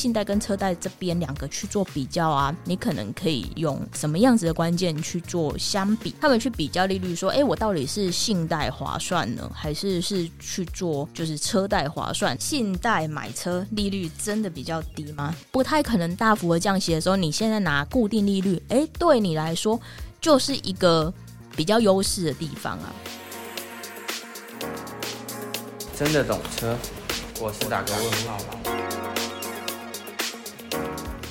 信貸跟車貸這邊兩個去做比較啊，你可能可以用什麼樣子的關鍵去做相比？他們去比較利率，說，哎、欸，我到底是信貸划算呢，還是是去做就是車貸划算？信貸買車利率真的比較低嗎？不太可能。大幅的降息的時候，你現在拿固定利率，哎、欸，對你來說就是一個比較優勢的地方啊。真的懂車，我是打個問號。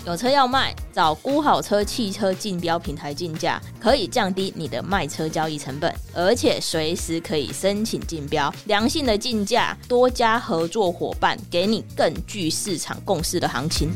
有車要賣，找估好車汽車競標平台競價，可以降低你的賣車交易成本，而且隨時可以申請競標，良性的競價，多家合作夥伴給你更具市場共識的行情。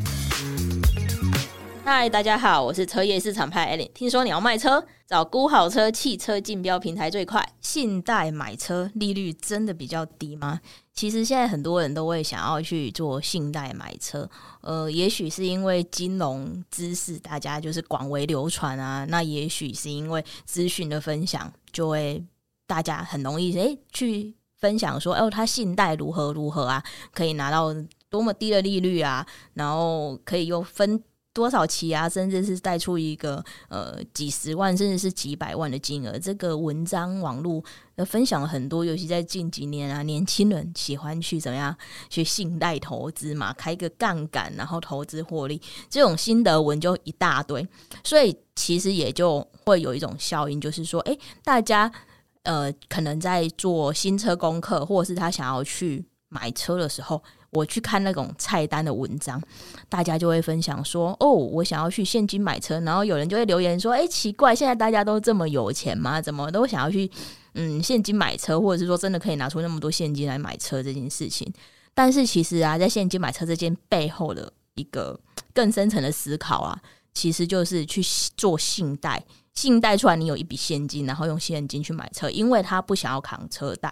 嗨，Hi, 大家好，我是車業市場派艾琳。聽說你要賣車，找估好車汽車競標平台最快。信貸買車利率真的比較低嗎？其實現在很多人都會想要去做信貸買車，呃，也許是因為金融知識大家就是廣為流傳啊，那也許是因為資訊的分享，就會大家很容易誒、欸、去分享說，哦、呃，他信貸如何如何啊，可以拿到多麼低的利率啊，然後可以又分。多少期啊？甚至是貸出一個呃幾十萬，甚至是幾百萬的金額。這個文章網絡分享很多，尤其在近幾年啊，年輕人喜歡去怎麼樣去信貸投資嘛，開個槓桿然後投資獲利，這種心得文就一大堆。所以其實也就會有一種效應，就是說，誒、欸，大家呃可能在做新車功課，或者是他想要去買車的時候，我去看那種菜單的文章，大家就會分享說，哦，我想要去現金買車，然後有人就會留言說，哎、欸，奇怪，現在大家都這麼有錢嗎？怎麼都想要去嗯現金買車，或者是說真的可以拿出那麼多現金來買車這件事情？但是其實啊，在現金買車這件背後的一個更深層的思考啊，其實就是去做信貸，信貸出來你有一筆現金，然後用現金去買車，因為他不想要扛車貸。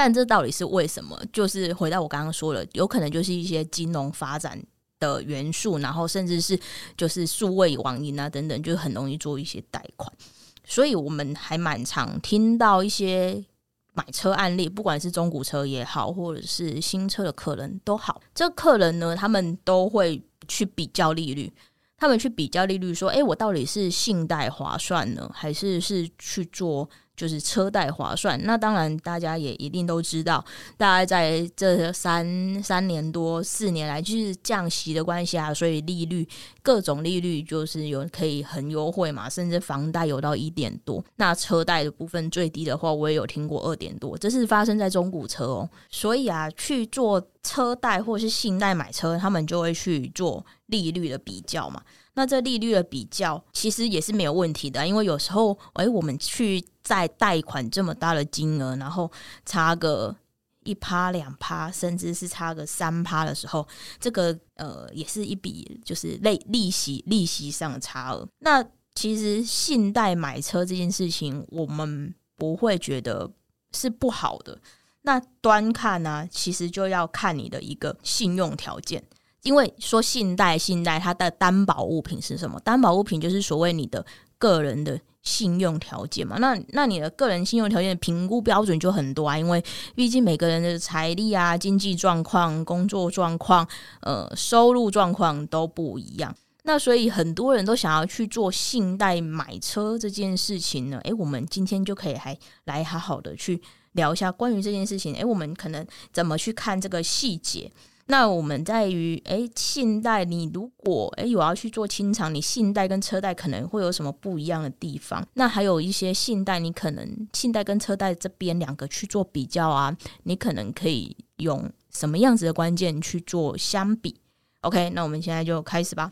但這到底是為什麼？就是回到我剛剛說了，有可能就是一些金融發展的元素，然後甚至是就是數位網銀啊等等，就很容易做一些貸款。所以我們還蠻常聽到一些買車案例，不管是中古車也好，或者是新車的客人都好，這客人呢，他們都會去比較利率，他們去比較利率，說：“誒、欸，我到底是信貸划算呢，還是是去做？”就是車貸划算。那當然大家也一定都知道，大概在這三、三年多，四年來，就是降息的關係啊，所以利率，各種利率就是有可以很優惠嘛，甚至房貸有到一點多，那車貸的部分最低的話，我也有聽過二點多，這是發生在中古車哦。所以啊，去做車貸或是信貸買車，他們就會去做利率的比較嘛。那這利率的比較其實也是沒有問題的，因為有時候哎、欸，我們去在貸款這麼大的金額，然後差個一趴兩趴，甚至是差個三趴的時候，這個呃也是一筆就是利利息利息上的差額。那其實信貸買車這件事情，我們不會覺得是不好的。那端看呢、啊，其實就要看你的一個信用條件。因為說信貸，信貸它的擔保物品是什麼？擔保物品就是所謂你的個人的信用條件嘛。那那你的個人信用條件的評估標準就很多啊。因為畢竟每個人的財力啊、經濟狀況、工作狀況、呃收入狀況都不一樣。那所以很多人都想要去做信貸買車這件事情呢。誒，我們今天就可以還來好好的去聊一下關於這件事情。誒，我們可能怎麼去看這個細節？那我們在於誒、欸，信貸你如果誒、欸，我要去做清償，你信貸跟車貸可能會有什麼不一樣的地方？那還有一些信貸，你可能信貸跟車貸這邊兩個去做比較啊，你可能可以用什麼樣子的關鍵去做相比？OK，那我們現在就開始吧。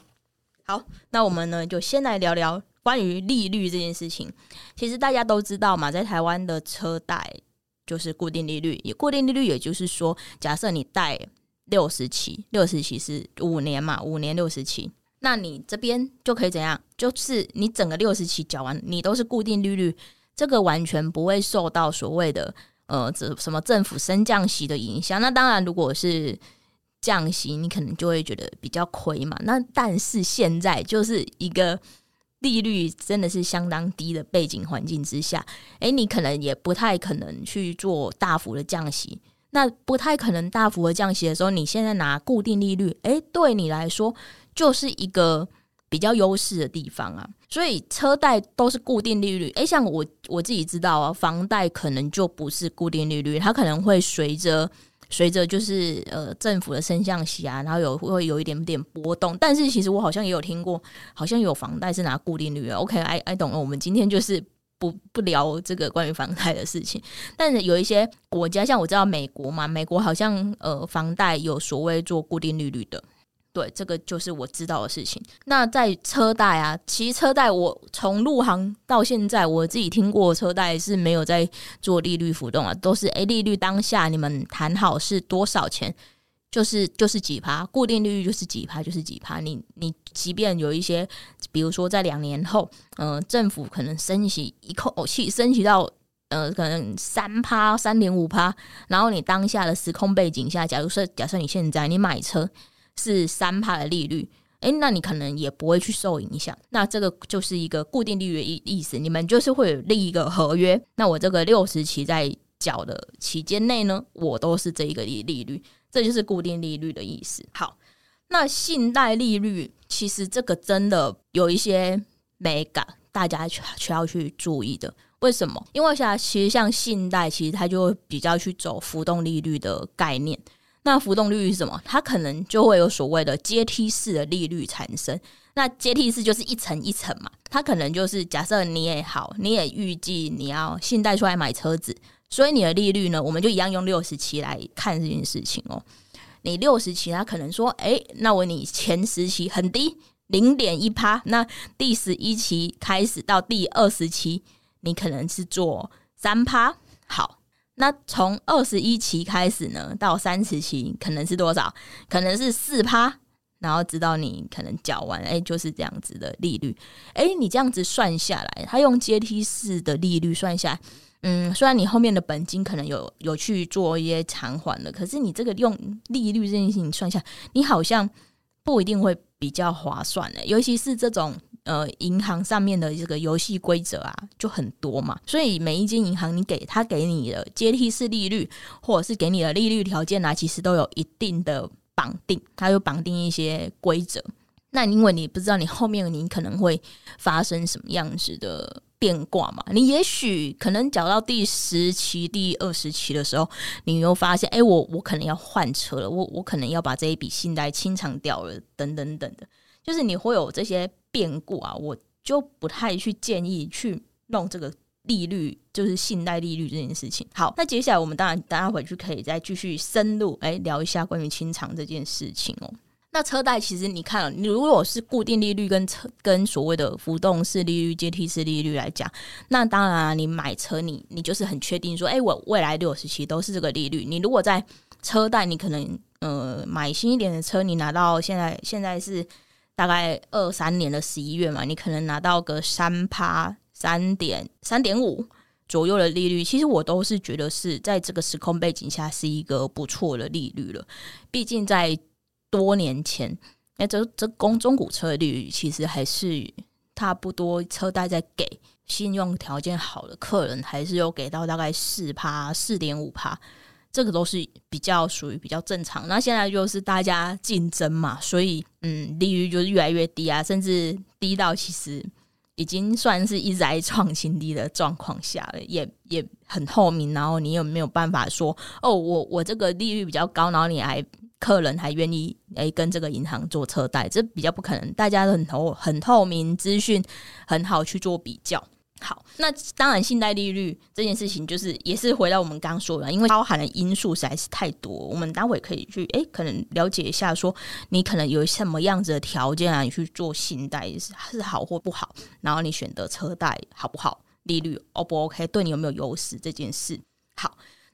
好，那我們呢就先來聊聊關於利率這件事情。其實大家都知道嘛，在台灣的車貸就是固定利率，也固定利率也就是說，假設你貸。六十期，六十期是五年嘛？五年六十期，那你這邊就可以怎樣？就是你整個六十期繳完，你都是固定利率，這個完全不會受到所謂的呃，什麼政府升降息的影響。那當然，如果是降息，你可能就會覺得比較虧嘛。那但是現在就是一個利率真的是相當低的背景環境之下，哎、欸，你可能也不太可能去做大幅的降息。那不太可能大幅的降息的時候，你現在拿固定利率，哎，對你來說就是一個比較優勢的地方啊。所以車貸都是固定利率，哎，像我我自己知道啊，房貸可能就不是固定利率，它可能會隨着隨着就是呃政府的升降息啊，然後有會有一點點波動。但是其實我好像也有聽過，好像有房貸是拿固定利率。OK，I I 懂了，我們今天就是。不不聊這個關於房貸的事情，但是有一些國家，像我知道美國嘛，美國好像呃，房貸有所謂做固定利率的，對，這個就是我知道的事情。那在車貸啊，其實車貸我從入行到現在，我自己聽過車貸是沒有在做利率浮動啊，都是哎、欸、利率當下你們談好是多少錢。就是就是幾趴固定利率就是幾趴就是幾趴，你你即便有一些，比如說在兩年後，嗯、呃，政府可能升息一扣，哦、升息到呃可能三趴三點五趴，然後你當下的時空背景下，假如說假設你現在你買車是三趴的利率，哎，那你可能也不會去受影響。那這個就是一個固定利率的意思，你們就是會有另一個合約。那我這個六十期在繳的期間內呢，我都是這一個利率。這就是固定利率的意思。好，那信貸利率其實這個真的有一些美感，大家需要去注意的。為什麼？因為現在其實像信貸，其實它就比較去走浮動利率的概念。那浮動利率是什麼？它可能就會有所謂的階梯式的利率產生。那階梯式就是一層一層嘛。它可能就是假設你也好，你也預計你要信貸出來買車子。所以你的利率呢，我們就一樣用六十期來看這件事情哦、喔。你六十期，它可能說，哎、欸，那我你前十期很低，零點一趴。那第十一期開始到第二十期，你可能是做三趴。好，那從二十一期開始呢，到三十期可能是多少？可能是四趴。然後直到你可能繳完，哎、欸，就是這樣子的利率。哎、欸，你這樣子算下來，他用階梯式的利率算下來。嗯，雖然你後面的本金可能有有去做一些償還的，可是你這個用利率這件事情算一下，你好像不一定會比較划算的。尤其是這種呃銀行上面的這個遊戲規則啊，就很多嘛。所以每一間銀行，你給他給你的階梯式利率，或者是給你的利率條件啊，其實都有一定的綁定，它有綁定一些規則。那因為你不知道你後面你可能會發生什麼樣子的變卦嘛，你也許可能講到第十期、第二十期的時候，你又發現，哎、欸，我我可能要換車了，我我可能要把這一筆信貸清償掉了，等、等等等的，就是你會有這些變卦啊。我就不太去建議去弄這個利率，就是信貸利率這件事情。好，那接下來我們當然大家回去可以再繼續深入，哎，聊一下關於清償這件事情哦。那車貸其實你看，你如果是固定利率跟車跟所謂的浮動式利率、階梯式利率來講，那當然你買車你你就是很確定說，哎、欸，我未來六十期都是這個利率。你如果在車貸，你可能呃買新一點的車，你拿到現在現在是大概二三年的十一月嘛，你可能拿到個三趴三點三點五左右的利率。其實我都是覺得是在這個時空背景下是一個不錯的利率了，畢竟在。多年前，哎，這這公中古車的利率其實還是差不多，車貸在給信用條件好的客人，還是有給到大概四趴、四點五趴，這個都是比較屬於比較正常。那現在就是大家競爭嘛，所以嗯，利率就是越來越低啊，甚至低到其實已經算是一直在創新低的狀況下了，也也很透明，然後你有沒有辦法說哦，我我這個利率比較高，然後你還。客人還願意、欸、跟這個銀行做車貸，這比較不可能。大家都很透很透明資訊，資訊很好去做比較。好，那當然，信貸利率這件事情，就是也是回到我們剛說的，因為包含的因素實在是太多。我們待會可以去哎、欸，可能了解一下說，說你可能有什麼樣子的條件啊？你去做信貸是是好或不好，然後你選擇車貸好不好？利率 O、哦、不 OK？對你有沒有優勢這件事？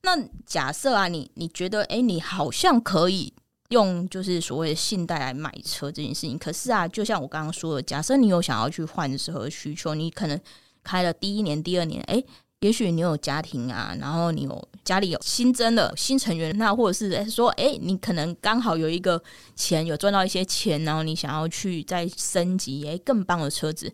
那假設啊，你你覺得，哎、欸，你好像可以用就是所謂的信貸來買車這件事情。可是啊，就像我剛剛說的，假設你有想要去換車的需求，你可能開了第一年、第二年，哎、欸，也許你有家庭啊，然後你有家裡有新增的新成員，那或者是、欸、說，哎、欸，你可能剛好有一個錢有賺到一些錢，然後你想要去再升級哎、欸、更棒的車子，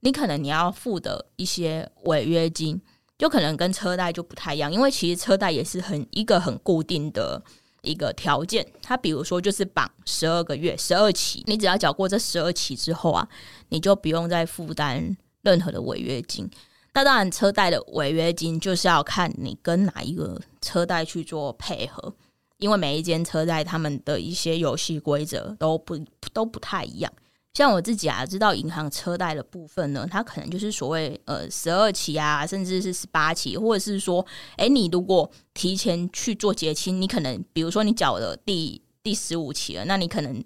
你可能你要付的一些違約金。就可能跟車貸就不太一樣，因為其實車貸也是很一個很固定的一個條件。它比如說就是綁十二個月，十二期，你只要繳過這十二期之後啊，你就不用再負擔任何的違約金。那當然，車貸的違約金就是要看你跟哪一個車貸去做配合，因為每一間車貸他們的一些遊戲規則都不都不太一樣。像我自己啊，知道銀行車貸的部分呢，它可能就是所謂呃十二期啊，甚至是十八期，或者是說，誒、欸，你如果提前去做結清，你可能比如說你繳了第第十五期了，那你可能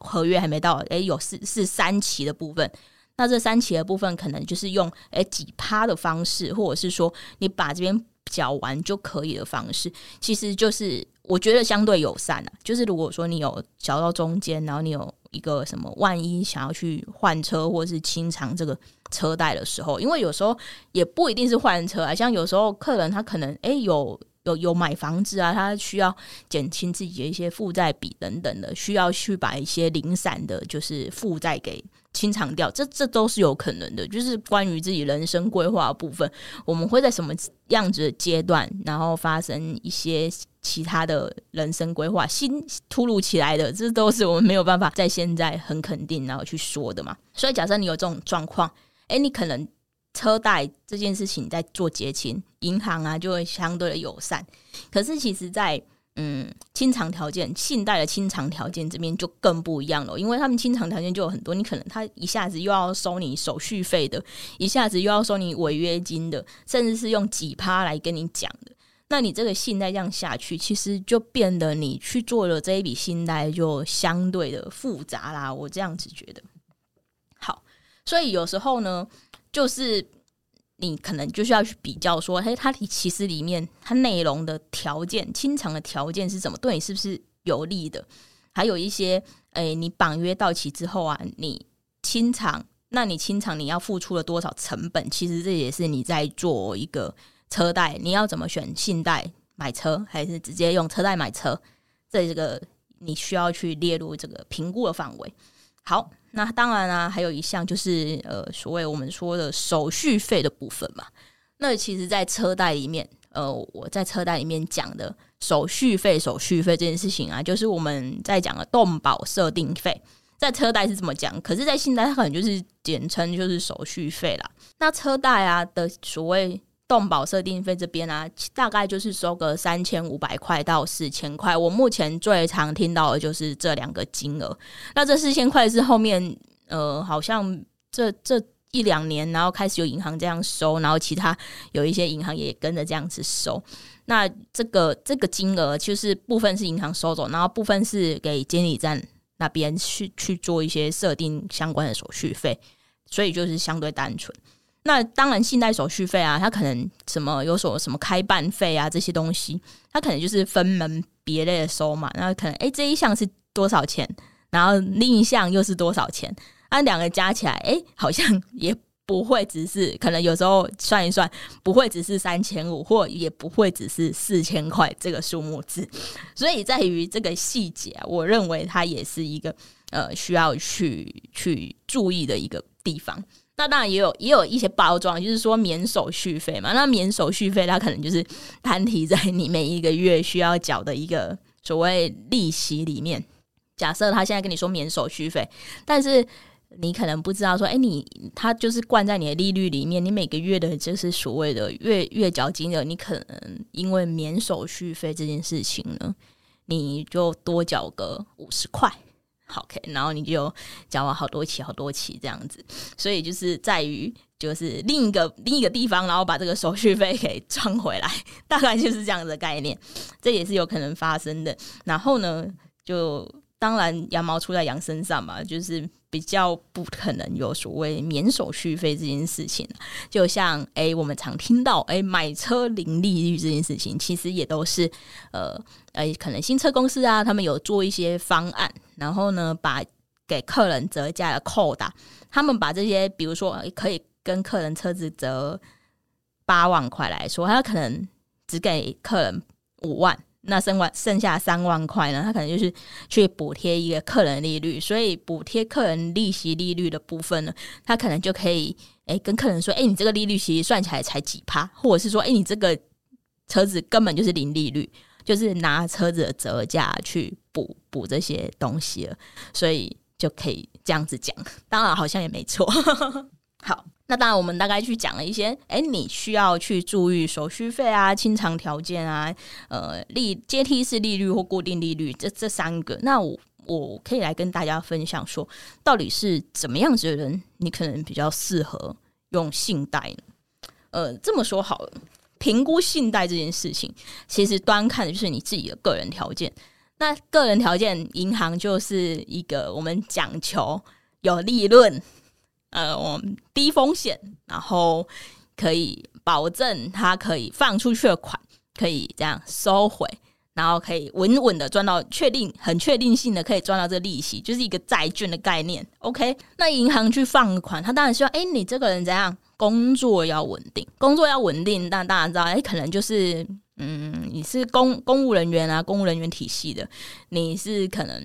合約還沒到，誒、欸，有四四三期的部分，那這三期的部分可能就是用誒、欸、幾趴的方式，或者是說你把這邊繳完就可以的方式，其實就是我覺得相對友善啊，就是如果說你有繳到中間，然後你有。一個什麼？萬一想要去換車，或是清償這個車貸的時候，因為有時候也不一定是換車啊，像有時候客人他可能誒有有有買房子啊，他需要減輕自己的一些負債比等等的，需要去把一些零散的就是負債給清償掉，這這都是有可能的。就是關於自己人生規劃的部分，我們會在什麼樣子的階段，然後發生一些。其他的人生規劃，新突如其來的，這都是我們沒有辦法在現在很肯定然後去說的嘛。所以，假設你有這種狀況，哎，你可能車貸這件事情在做結清，銀行啊就會相對的友善。可是，其實在，在嗯清償條件、信貸的清償條件這邊就更不一樣了，因為他們清償條件就有很多，你可能他一下子又要收你手續費的，一下子又要收你違約金的，甚至是用幾趴來跟你講的。那你這個信貸這樣下去，其實就變得你去做了這一筆信貸就相對的複雜啦。我這樣子覺得。好，所以有時候呢，就是你可能就需要去比較說，哎，它其實裡面它內容的條件清償的條件是怎麼，對你是不是有利的？還有一些，哎、欸，你綁約到期之後啊，你清償，那你清償你要付出了多少成本？其實這也是你在做一個。車貸你要怎麼選信？信貸買車還是直接用車貸買車？這這個你需要去列入這個評估的範圍。好，那當然啦、啊，還有一項就是呃，所謂我們說的手續費的部分嘛。那其實，在車貸裡面，呃，我在車貸裡面講的手續費、手續費這件事情啊，就是我們在講的動保設定費，在車貸是這麼講，可是在信貸它可能就是簡稱就是手續費啦。那車貸啊的所謂。動保設定費這邊呢、啊，大概就是收個三千五百塊到四千塊。我目前最常聽到的就是這兩個金額。那這四千塊是後面呃，好像這這一兩年，然後開始有銀行這樣收，然後其他有一些銀行也跟着這樣子收。那這個這個金額就是部分是銀行收走，然後部分是給監理站那邊去去做一些設定相關的手續費，所以就是相對單純。那當然，信貸手續費啊，他可能什麼有所什麼開辦費啊這些東西，他可能就是分門別類的收嘛。那可能哎、欸、這一項是多少錢，然後另一項又是多少錢，那、啊、兩個加起來，哎、欸，好像也不會只是可能有時候算一算，不會只是三千五，或也不會只是四千塊這個數目字。所以在於這個細節、啊，我認為它也是一個呃需要去去注意的一個地方。那當然也有也有一些包裝，就是說免手續費嘛。那免手續費，它可能就是攤提在你每一個月需要繳的一個所謂利息裡面。假設他現在跟你說免手續費，但是你可能不知道說，哎、欸，你他就是灌在你的利率裡面，你每個月的就是所謂的月月繳金額，你可能因為免手續費這件事情呢，你就多繳個五十塊。好，OK，然後你就繳了好多期、好多期這樣子，所以就是在於就是另一個另一個地方，然後把這個手續費給賺回來，大概就是這樣子的概念，這也是有可能發生的。然後呢，就當然羊毛出在羊身上嘛，就是。比較不可能有所謂免手續費這件事情，就像哎、欸，我們常聽到哎、欸、買車零利率這件事情，其實也都是呃、欸、可能新車公司啊，他們有做一些方案，然後呢，把給客人折價的扣打，他們把這些比如說、欸、可以跟客人車子折八萬塊來說，他可能只給客人五萬。那剩完剩下三萬塊呢？他可能就是去補貼一個客人利率，所以補貼客人利息利率的部分呢，他可能就可以誒跟客人說：“誒，你這個利率其實算起來才幾趴，或者是說，誒，你這個車子根本就是零利率，就是拿車子的折價去補補這些東西了，所以就可以這樣子講，當然好像也沒錯。”好，那當然，我們大概去講了一些，誒、欸，你需要去注意手續費啊、清償條件啊、呃利階梯式利率或固定利率，這這三個。那我我可以來跟大家分享說，到底是怎麼樣子的人，你可能比較適合用信貸呢？呃，這麼說好了，評估信貸這件事情，其實端看的就是你自己的個人條件。那個人條件，銀行就是一個我們講求有利潤。呃，我們低風險，然後可以保證他可以放出去的款可以這樣收回，然後可以穩穩的賺到確定、很確定性的可以賺到這利息，就是一個債券的概念。OK，那銀行去放款，他當然希望，哎，你這個人怎樣？工作要穩定，工作要穩定，但大家知道，哎，可能就是，嗯，你是公公務人員啊，公務人員體系的，你是可能。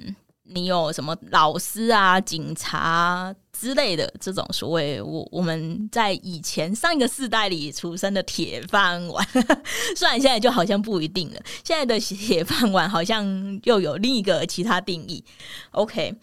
你有什麼老師啊、警察、啊、之類的這種所謂我我們在以前上一個世代裡出生的鐵飯碗呵呵，雖然現在就好像不一定了，現在的鐵飯碗好像又有另一個其他定義。OK，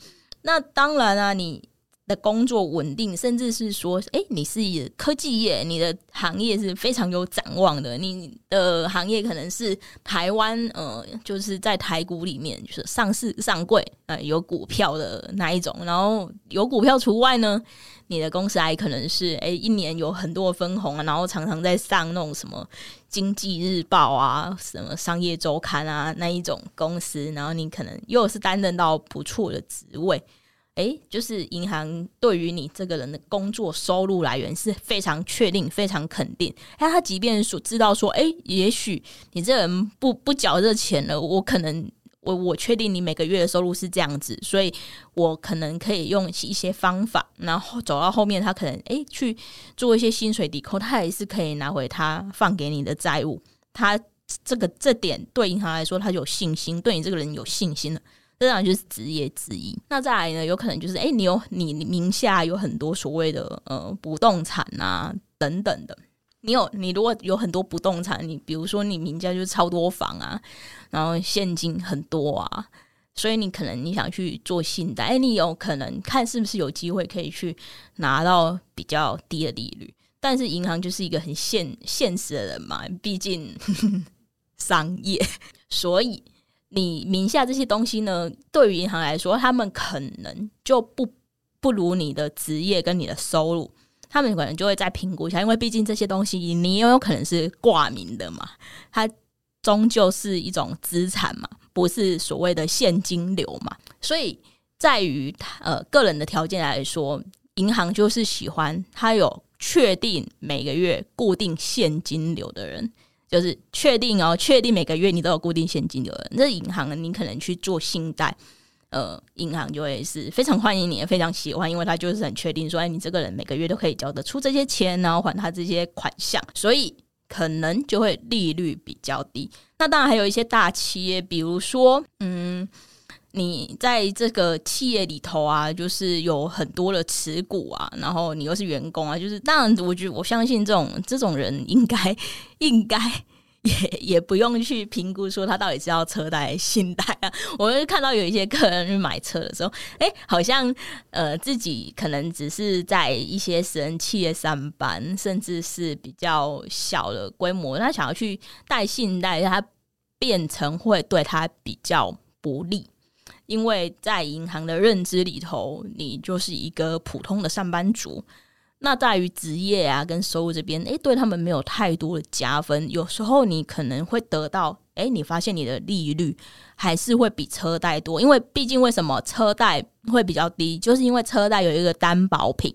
那當然啊，你。的工作穩定，甚至是說，誒、欸，你是科技業，你的行業是非常有展望的。你的行業可能是台灣，呃，就是在台股裡面，就是上市上櫃，呃，有股票的那一種。然後有股票除外呢，你的公司還可能是，誒、欸，一年有很多分紅啊，然後常常在上那種什麼經濟日報啊，什麼商業週刊啊那一種公司。然後你可能又是擔任到不錯的職位。哎，就是銀行對於你這個人的工作收入來源是非常確定、非常肯定。他他即便所知道說，哎，也許你這個人不不繳這錢了，我可能我我確定你每個月的收入是這樣子，所以我可能可以用一些方法，然後走到後面，他可能哎去做一些薪水抵扣，他也是可以拿回他放給你的債務。他這個這點對銀行來說，他就有信心，對你這個人有信心了。這當然就是職業之一。那再來呢，有可能就是哎、欸，你有你，你名下有很多所謂的呃不動產啊等等的。你有你如果有很多不動產，你比如說你名下就是超多房啊，然後現金很多啊，所以你可能你想去做信貸，哎、欸，你有可能看是不是有機會可以去拿到比較低的利率。但是銀行就是一個很現現實的人嘛，畢竟 商業， 所以。你名下這些東西呢，對於銀行來說，他們可能就不不如你的職業跟你的收入，他們可能就會再評估一下，因為畢竟這些東西你也有可能是掛名的嘛，它終究是一種資產嘛，不是所謂的現金流嘛。所以，在於呃個人的條件來說，銀行就是喜歡他有確定每個月固定現金流的人。就是確定哦，確定每個月你都有固定現金流。那銀行呢？你可能去做信貸，呃，銀行就會是非常歡迎你，也非常喜歡，因為他就是很確定說，哎，你這個人每個月都可以交得出這些錢，然後還他這些款項，所以可能就會利率比較低。那當然還有一些大企業，比如說，嗯。你在這個企業裡頭啊，就是有很多的持股啊，然後你又是員工啊，就是當然，我覺得我相信這種這種人應該應該也也不用去評估說他到底是要車貸、信貸啊。我們看到有一些客人去買車的時候，哎、欸，好像呃自己可能只是在一些私人企業上班，甚至是比較小的規模，他想要去貸信貸，他變成會對他比較不利。因為在銀行的認知裡頭，你就是一個普通的上班族，那在於職業啊跟收入這邊，哎，對他們沒有太多的加分。有時候你可能會得到。誒，你發現你的利率還是會比車貸多，因為畢竟為什麼車貸會比較低？就是因為車貸有一個擔保品，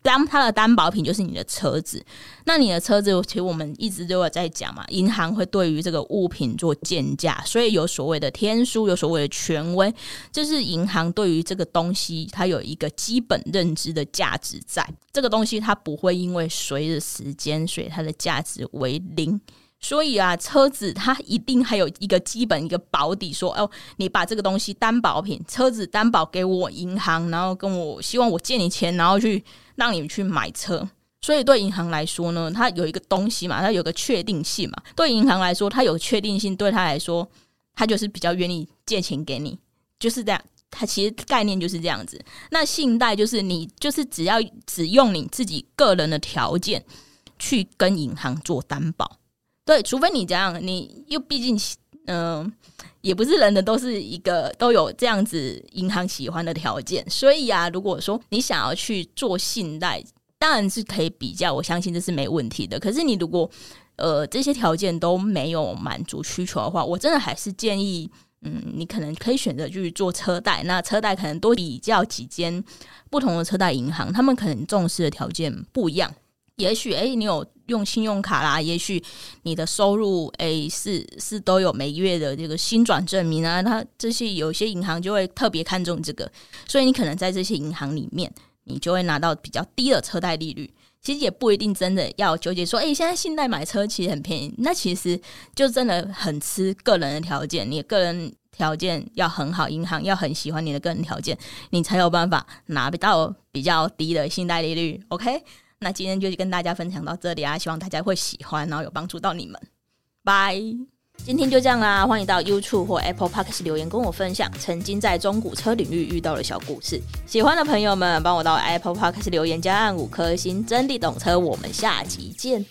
當它的擔保品就是你的車子。那你的車子，其實我們一直都有在講嘛，銀行會對於這個物品做鑑價，所以有所謂的天書，有所謂的權威，就是銀行對於這個東西，它有一個基本認知的價值在，在這個東西它不會因為隨着時間，所以它的價值為零。所以啊，車子它一定還有一個基本一個保底說，說哦，你把這個東西擔保品，車子擔保給我銀行，然後跟我希望我借你錢，然後去讓你們去買車。所以對銀行來說呢，它有一個東西嘛，它有個確定性嘛。對銀行來說，它有確定性，對它來說，它就是比較願意借錢給你，就是這樣。它其實概念就是這樣子。那信貸就是你就是只要只用你自己個人的條件去跟銀行做擔保。對，除非你這樣，你又畢竟，嗯、呃，也不是人人都是一個都有這樣子銀行喜歡的條件，所以啊，如果說你想要去做信貸，當然是可以比較，我相信這是沒問題的。可是你如果呃這些條件都沒有滿足需求的話，我真的還是建議，嗯，你可能可以選擇去做車貸，那車貸可能多比較幾間不同的車貸銀行，他們可能重視的條件不一樣。也許哎、欸，你有用信用卡啦，也許你的收入哎、欸、是是都有每個月的這個薪轉證明啊，那這些有些銀行就會特別看重這個，所以你可能在這些銀行裡面，你就會拿到比較低的車貸利率。其實也不一定真的要糾結說，哎、欸，現在信貸買車其實很便宜，那其實就真的很吃個人的條件，你個人條件要很好，銀行要很喜歡你的個人條件，你才有辦法拿到比較低的信貸利率。OK。那今天就跟大家分享到這裡啊，希望大家會喜歡，然後有幫助到你們。拜，今天就這樣啦，歡迎到 YouTube 或 Apple Podcast 留言跟我分享曾經在中古車領域遇到的小故事。喜歡的朋友們，幫我到 Apple Podcast 留言加按五顆星，真的懂車。我們下集見。